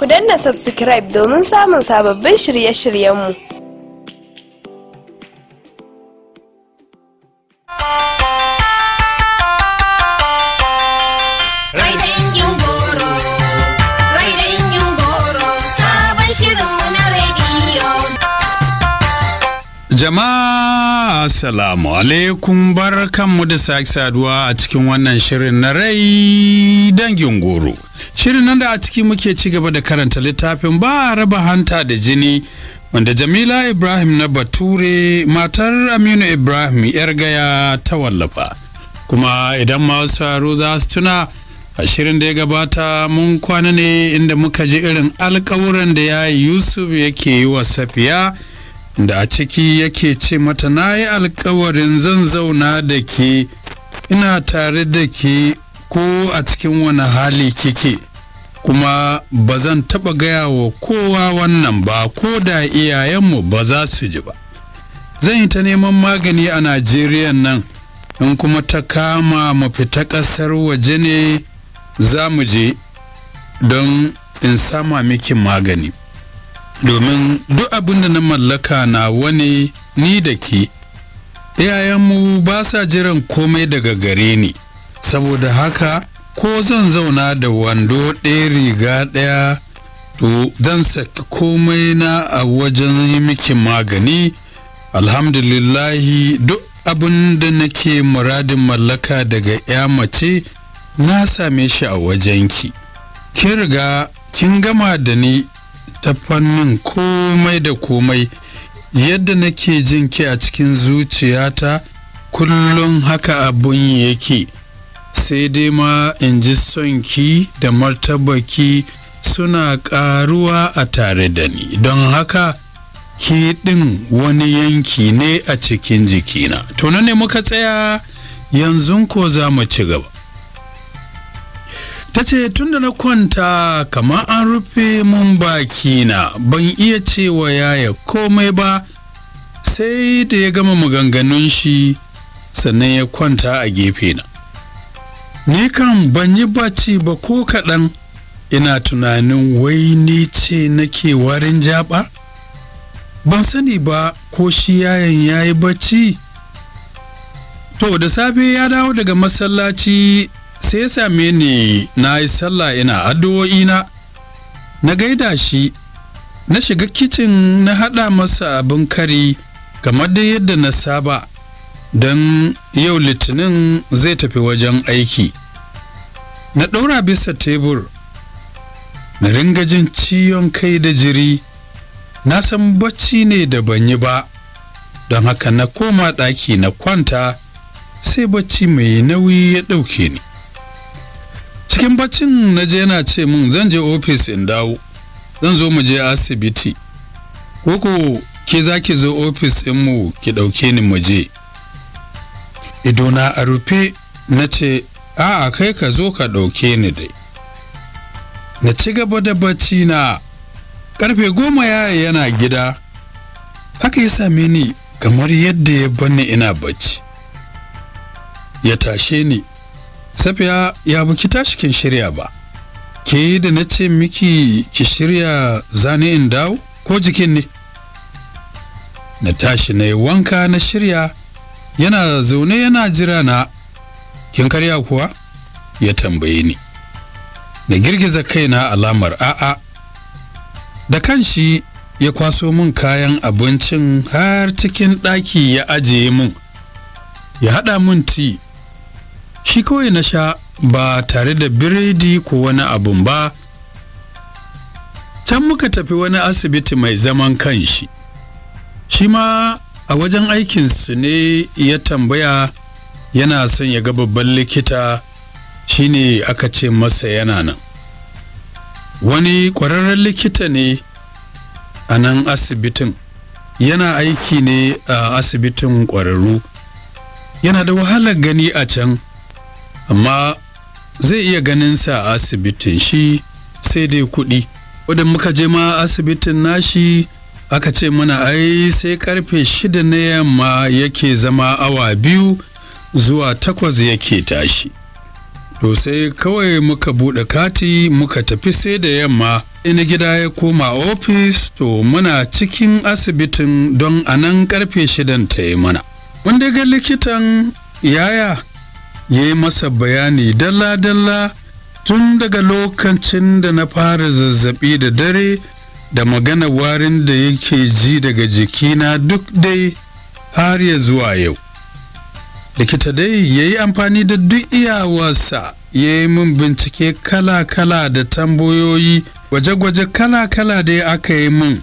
Ku danna subscribe domin samun sababbin shirye-shiryenmu. Assalamu alaikum bar kanmu da sake saduwa a cikin wannan shirin na rai dangin goro. Shirin nan da a ciki muke ci gaba da karanta littafin ba raba hanta da jini wanda Jamila Ibrahim na Bature matar Aminu Ibrahim yar gaya ta wallafa. Kuma idan masu haro za su tuna a shirin da ya gabata mun kwana ne inda muka ji irin alkawuran da ya yi Yusuf yake yi wa Safiya. da a ciki yake ce mata na yi alkawarin zan zauna da ke ina tare da ke ko a cikin wani hali kike kuma ba zan taɓa gaya wa kowa wannan ba ko da iyayenmu ba za su ji ba zan yi ta neman magani a najeriya nan in kuma ta kama mu fita ƙasar waje ne za mu je don in sama miki magani domin duk abin da na mallaka na wani ni da ke iyayenmu ba sa jiran komai daga gare ni saboda haka ko zan zauna da wando ɗaya riga ɗaya to zan saki komai na a wajen yi miki magani alhamdulillahi duk abin da nake muradin mallaka daga ya mace na same shi a wajenki kin riga kin gama da ni ta fannin komai da komai yadda nake jin ki a cikin zuciyata kullum haka abun yake sai dai ma in ji son ki da martabaki suna ƙaruwa a tare da ni don haka ke ɗin wani yanki ne a cikin jikina to ne muka tsaya yanzu ko za mu ci gaba ta ce tun da na kwanta kamar an rufe mun baki na ban iya cewa yaya komai ba sai da ya gama maganganun shi sannan ya kwanta a gefe na ni kan ban yi baci ba ko kaɗan ina tunanin wai ni ce nake warin jaɓa. ban sani ba ko shi yayan ya yi bacci to da safe ya dawo daga masallaci sai ya same ni na yi sallah ina addu'o'i na na gaida shi na shiga kicin na haɗa masa abin kari kamar da yadda na saba don yau litinin zai tafi wajen aiki na ɗaura bisa tebur na ringa jin ciyon kai da jiri na san bacci ne da ban yi ba don haka na koma ɗaki na kwanta sai bacci mai nauyi ya ɗauke ni cikin baccin na je yana ce min zan je ofis in dawo zan zo mu je asibiti ko ko ke za ki zo ofis mu ki ɗauke ni mu je idona a rufe na ce a'a kai ka zo ka ɗauke ni dai na ci gaba da bacci na karfe goma yaya yana gida haka ya same ni kamar yadda ya bani ina bacci ya tashe ni safiya ya buki tashi kin shirya ba ke da na ce miki ki shirya zane in dawo ko jikin ne na tashi na yi wanka na shirya yana zaune yana jira na kin karya kuwa ya tambaye ni na girgiza kaina alamar a'a da kanshi ya kwaso min kayan abincin har cikin ɗaki ya ajiye mun. ya haɗa min ti shi kawai na sha ba tare da biredi ko wani abun ba can muka tafi wani asibiti mai zaman kanshi shi ma a wajen aikinsu ne ya tambaya yana son ya ga babban likita shine aka ce masa yana nan wani ƙwararren likita ne a nan asibitin yana aiki ne a asibitin ƙwararru yana da wahalar gani a can amma zai iya ganin sa a asibitin shi sai dai kuɗi wadda muka je ma asibitin nashi aka ce mana ai sai karfe shida na yamma yake zama awa biyu zuwa takwas yake tashi to sai kawai muka buɗe kati muka tafi sai da yamma ina gida ya koma ofis to muna cikin asibitin don anan karfe shidan ta yi mana wanda ga likitan yaya ya yi masa bayani dalla-dalla tun daga lokacin da na fara zazzabi da dare da magana warin da yake ji daga jikina duk dai har ya zuwa yau likita dai ya yi amfani da duk iyawarsa ya yi min bincike kala-kala da tambayoyi gwaje-gwaje kala-kala da aka yi min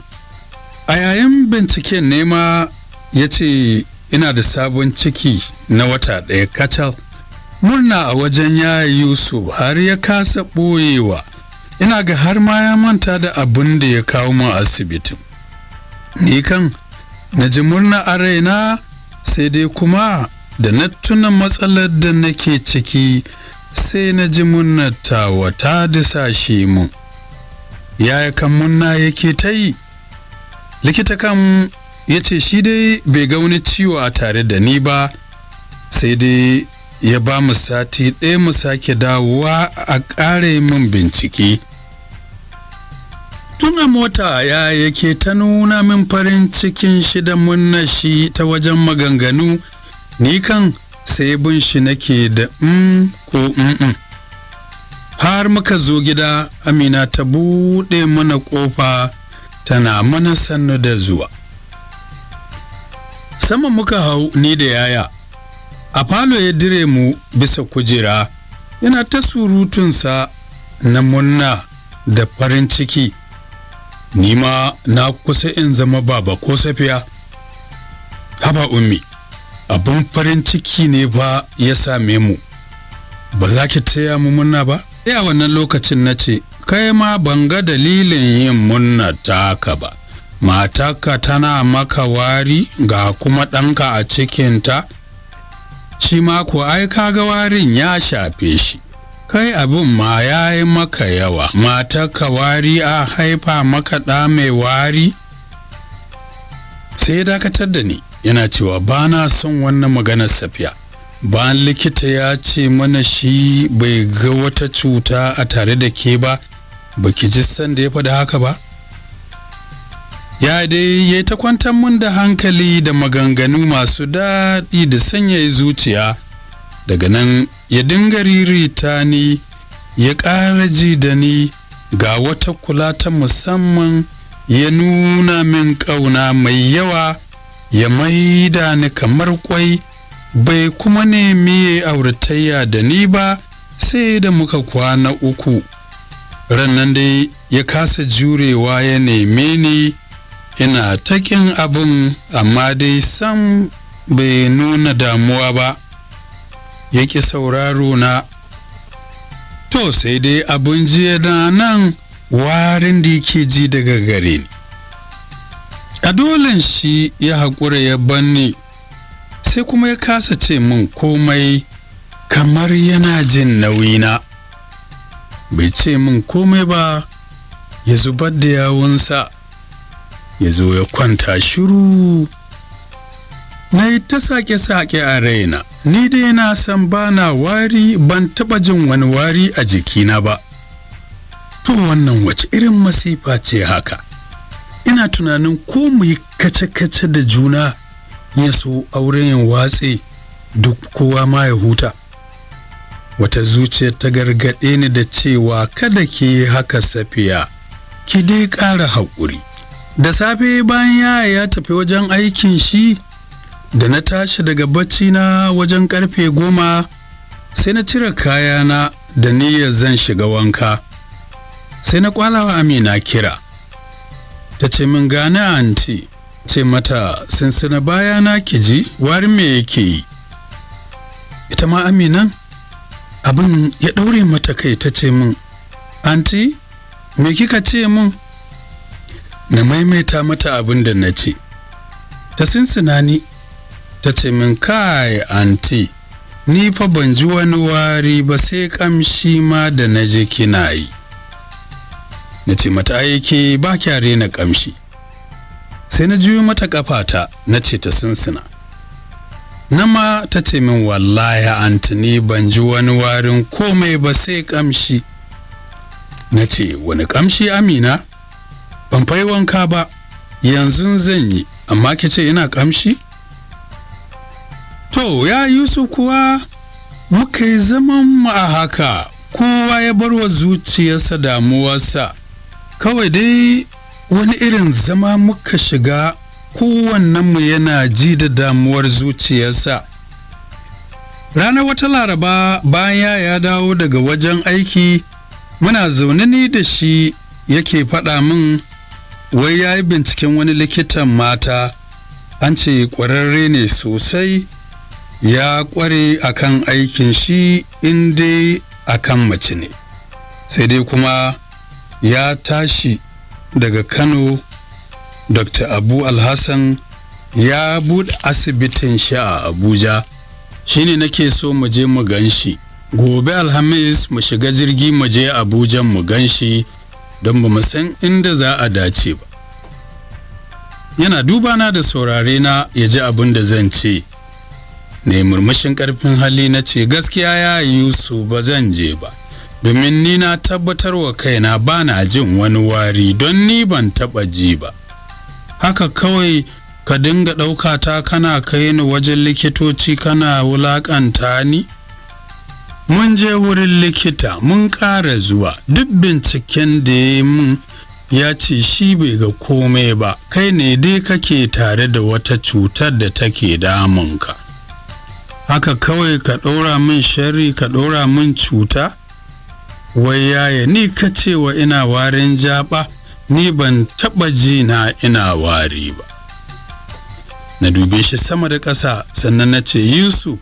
a yayin binciken nema ya ce ina da sabon ciki na wata ɗaya kacal murna a wajen yaya yusuf har ya kasa ɓoyewa ina ga har ma ya manta da abin da ya kawo mu asibitin ni kan na ji murna a raina sai dai kuma da na tuna matsalar da nake ciki sai na ji ta wata da shi mu yaya kan munna yake ta yi likita kan ya ce shi dai bai ga wani ciwo a tare da ni ba sai dai ya ba mu sati ɗaya mu sake dawowa a ƙare min bincike tun a mota ya yake ta nuna min farin cikin shi da shi ta wajen maganganu ni kan sai bin shi nake da mm ko mm har muka zo gida amina ta buɗe mana ƙofa tana mana sannu da zuwa sama muka hau ni da yaya a falo ya dire mu bisa kujera yana ta surutunsa na munna da farin ciki nima na kusa in zama baba ko safiya haba ummi abin farin ciki ne ba ya same mu ba za ki taya mu munna ba sai a wannan lokacin na ce kai ma ban ga dalilin yin munna taka ba mataka tana maka wari ga kuma ɗanka a cikinta shi ma ko ai kaga warin ya shafe shi kai abin ma ya yi maka yawa ka wari a haifa maka ɗa mai wari sai ya dakatar da ni yana cewa ba na son wannan maganar safiya bayan likita ya ce mana shi bai ga wata cuta a tare da ke ba baki ji san da ya faɗi haka ba ya dai ya ta kwantar mun da hankali da maganganu masu daɗi da sanya zuciya daga nan ya dinga ririta ni ya ƙara ji da ni ga wata kula ta musamman ya nuna min ƙauna mai yawa ya maida ni kamar ƙwai, bai kuma nemi ya auratayya da ni ba sai da muka kwana uku rannan dai ya kasa jurewa ya neme ni ina takin abin amma dai sam bai nuna damuwa ba ya yake sauraro na to sai dai abin jiya na nan warin da yake ji daga gare ni a dolin shi ya haƙura ya banni sai kuma ya kasa ce min komai kamar yana jin nauyi na. bai ce min komai ba ya zubar da yawunsa ya zo ya kwanta shiru na yi ta sake-sake a raina ni dai na san bana wari ban taba jin wani wari a jikina ba to wannan wace irin masifa ce haka ina tunanin ko mu yi kace-kace da juna ya so auren watse duk kowa ma ya huta wata zuciya ta gargaɗe ni da cewa kada ki haka safiya ki dai ƙara haƙuri da safe bayan yaya ya tafi wajen aikin shi da na tashi daga bacci na wajen karfe goma sai na cire kayana da niyyar zan shiga wanka sai na kwalawa amina kira ta ce min gane anti ce mata sinsina bayana ki ji wari me yake yi ita ma aminan abin ya ɗaure mata kai ta ce min anti me kika ce min na maimaita mata abin da na ce ta sinsinani ta ce min kai anti ni fa ban ji wani wari ba sai kamshi ma da na je kina yi na ce mata aiki ba kya rena kamshi sai na juyo mata kafata na ce ta sinsina na ma ta ce min wallahi ni ban ji wani warin komai ba sai kamshi na ce wani kamshi amina ban fai wanka ba yanzu zan yi amma ke ce ina kamshi to ya yusuf kuwa muka yi zaman mu a haka kowa ya bar wa zuciyarsa damuwarsa kawai dai wani irin zama muka shiga kowannenmu yana ji da damuwar zuciyarsa ranar wata laraba bayan ya dawo daga wajen aiki muna zaune ni da shi yake faɗa min wai ya yi binciken wani likitan mata an ce ƙwararre ne sosai ya ƙware akan aikin shi in dai akan mace ne sai dai kuma ya tashi daga kano dr abu alhassan ya buɗe asibitin shi a abuja Shi shine nake so mu je mu gan shi gobe alhamis mu shiga jirgi mu je abuja mu gan shi don ba san inda za a dace ba yana dubana da saurare na ya ji abin da zan ce ne murmushin karfin hali na ce gaskiya ya yi su ba zan je ba domin ni na tabbatar wa kaina ba na jin wani wari don ni ban taɓa ji ba haka kawai ka dinga ɗaukata kana kai ni wajen likitoci kana wulaƙanta ni mun je wurin likita mun ƙara zuwa duk binciken da ya mun ya ce shi bai ga komai ba kai ne dai kake tare da wata cutar da take damunka haka kawai ka ɗora min shari ka ɗora min cuta wai yaya ni ka cewa ina warin jaɓa ni ban taɓa ji na ina wari ba na dube shi sama da ƙasa sannan na ce yusuf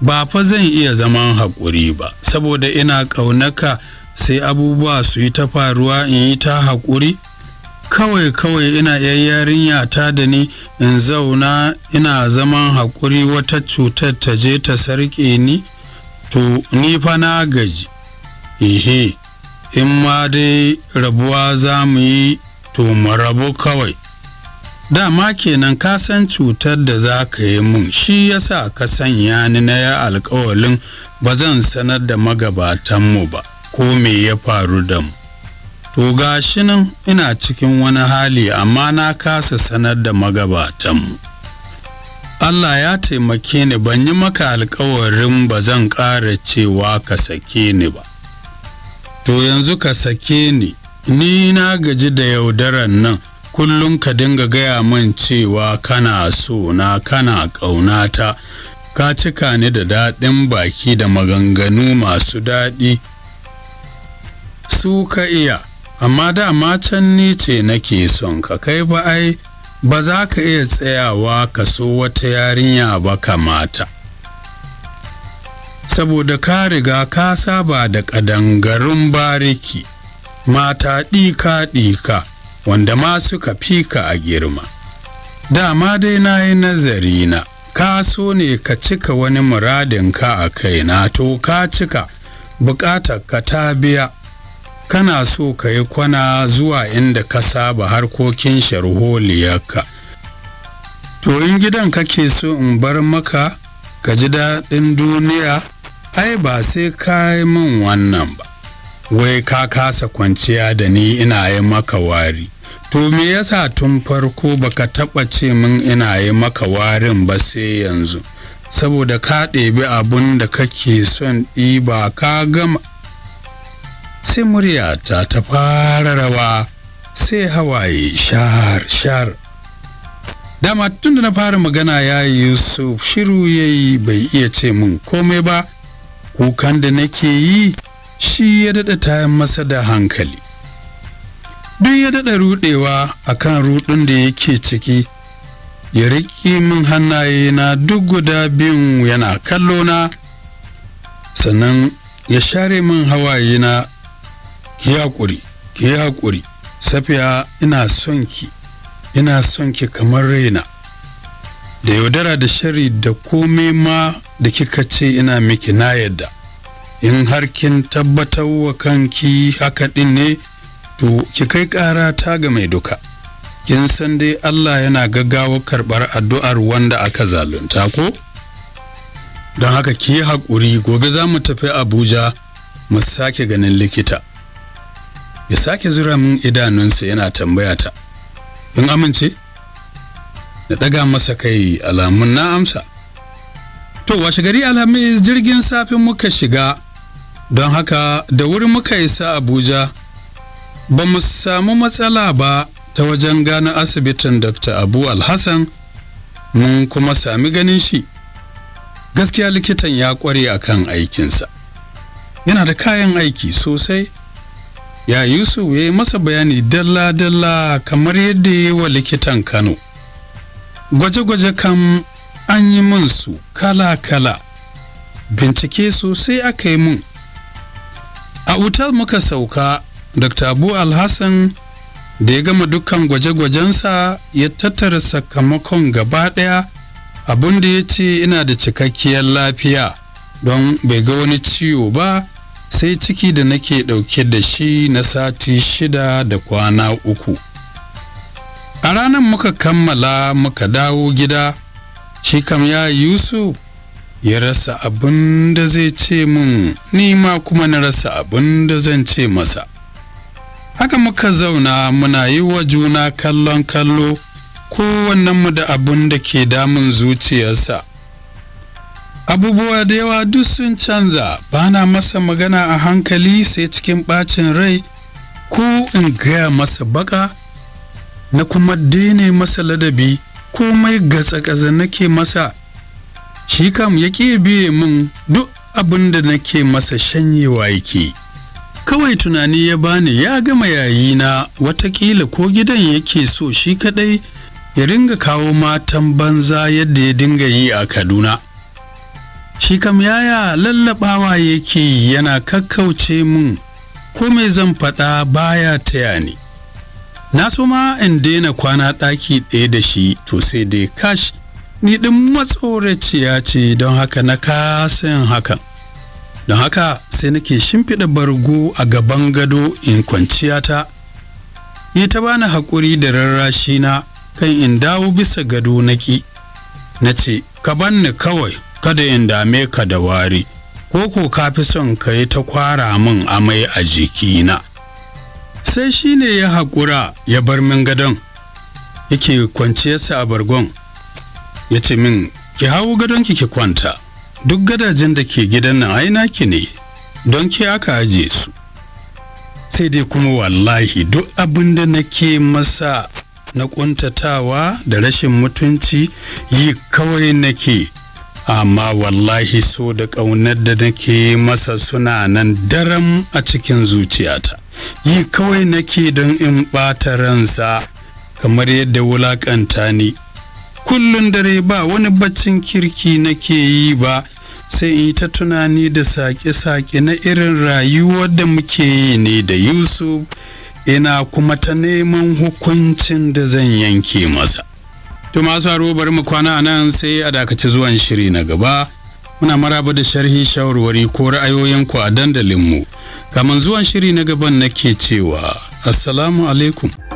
ba fa zan iya zaman haƙuri ba saboda ina ƙaunaka sai abubuwa su yi ta faruwa in yi ta haƙuri kawai kawai ina yayyarin ta da ni in zauna ina zaman haƙuri wata cutar ta je ta sarƙe ni to ni fa na gaji ihe in ma dai rabuwa za mu yi to mu rabu kawai dama kenan ka san cutar da za ka yi mun shi ya sa ka sanya ni na ya alkawalin ba zan sanar da magabatanmu ba ko me ya faru da mu to gashi nan ina cikin wani hali amma na kasa sanar da magabatanmu Allah ya taimake ni ban yi maka alkawarin ba zan ƙara cewa ka sake ni ba to yanzu ka sake ni ni na gaji da yaudaran nan kullum ka dinga gaya min cewa kana so na kana ta. ka cika ni da daɗin baki da maganganu masu daɗi su ka iya amma dama can ni ce nake son ka kai ba ai ba za ka iya tsayawa ka so wata yarinya ba kamata saboda ka riga ka saba da ƙadangarun bariki mata ɗika-ɗika wanda ma suka fi ka a girma dama dai na yi nazari na ka so ne ka cika wani muradin ka a kaina to ka cika bukatar ka ta biya kana so ka yi kwana zuwa inda ka saba harkokin sharholiyarka to in gidan kake so in bar maka ka ji daɗin duniya ai ba sai ka yi min wannan ba wai ka kasa kwanciya da ni ina yi maka wari to me yasa tun farko baka taba ce min ina yi maka warin ba sai yanzu saboda ka ɗebi abun da kake son ɗiba ka gama sai muryata ta fara rawa sai hawaye shar shar dama tun da na fara magana ya yi yusuf shiru ya yi bai iya ce min komai ba kukan da nake yi shi ya daɗa tayan masa da hankali duk ya daɗa ruɗewa a kan ruɗun da yake ciki ya riƙi min hannaye na duk guda biyun yana kallo na sannan ya share min hawaye na ki haƙuri ki haƙuri safiya ina son ki ina son ki kamar raina da yaudara da shari da komai ma da kika ce ina miki na yadda in har kin tabbatar wa kanki haka ɗin ne to ki kai ƙara ta ga mai duka kin san dai Allah yana gaggawa karɓar addu'ar wanda aka zalunta ko don haka ki yi haƙuri gobe za mu tafi Abuja mu sake ganin likita ya sake zura min idanunsa yana tambaya ta in amince na ɗaga masa kai alamun na amsa to washe gari alamai jirgin safin muka shiga don haka da wuri muka isa Abuja ba mu samu matsala ba ta wajen gane asibitin dr abu alhassan mun kuma sami ganin shi gaskiya likitan ya kware a kan aikinsa yana da kayan aiki sosai ya yusuf ya yi masa bayani dalla-dalla kamar yadda ya yi wa likitan kano gwaje-gwaje kan an yi min su kala-kala bincike sosai aka yi mun a otal muka sauka dr abu alhassan da ya gama dukkan gwaje-gwajensa ya tattara sakamakon gaba ɗaya abin da ya ce ina da cikakkiyar lafiya don bai ga wani ciwo ba sai ciki da nake ɗauke da shi na sati shida da kwana uku a ranar muka kammala muka dawo gida shi kam ya yusuf ya rasa abin da zai ce mun ni ma kuma na rasa abin da zan ce masa haka muka zauna muna yi wa juna kallon kallo kowannenmu da abun da ke damun zuciyarsa abubuwa da yawa duk sun canza ba na masa magana a hankali sai cikin ɓacin rai ko in gaya masa baka na kuma daina masa ladabi komai gatsa-gatsa nake masa shi kam ya biye min duk abin da nake masa shanyewa yake. kawai tunani ya bani ya gama yayina watakila ko gidan yake so shi kadai ya ringa kawo matan banza yadda ya dinga yi a kaduna shi kam yaya lallabawa yake yana kakkauce min ko mai zan faɗa baya taya ni na so ma in daina kwana ɗaki ɗaya da shi to sai dai kash ni ɗin matsoraciya ce don haka na kasan hakan don haka sai nake shimfiɗa bargo a gaban gado in kwanciya ta yi ta bani haƙuri da rarrashi na kan in dawo bisa gado naki na ce ka banni kawai kada in dame ka da wari ko ko ka fi son ka yi ta kwara min amai a jikina sai shi ne ya haƙura ya bar min gadon yake kwanciyarsa a bargon ya ce min ki hau ki ki kwanta duk gadajen da ke gidan nan ai ki ne don ke aka ajiye su sai dai kuma wallahi duk abin da nake masa na kuntatawa da rashin mutunci yi kawai nake amma wallahi so da ƙaunar da nake masa suna nan daram a cikin zuciyata yi kawai nake don in ɓata ransa kamar yadda wulaƙanta ni kullun dare ba wani baccin kirki nake yi ba sai in yi ta tunani da sake-sake na irin rayuwar da muke yi ne da yusuf ina kuma ta neman hukuncin da zan yanke masa to masu haro bari mu kwana nan sai a dakaci zuwan shiri na gaba muna maraba da sharhi shawarwari ko ra'ayoyinku a dandalinmu kaman zuwan shiri na gaban nake cewa assalamu alaikum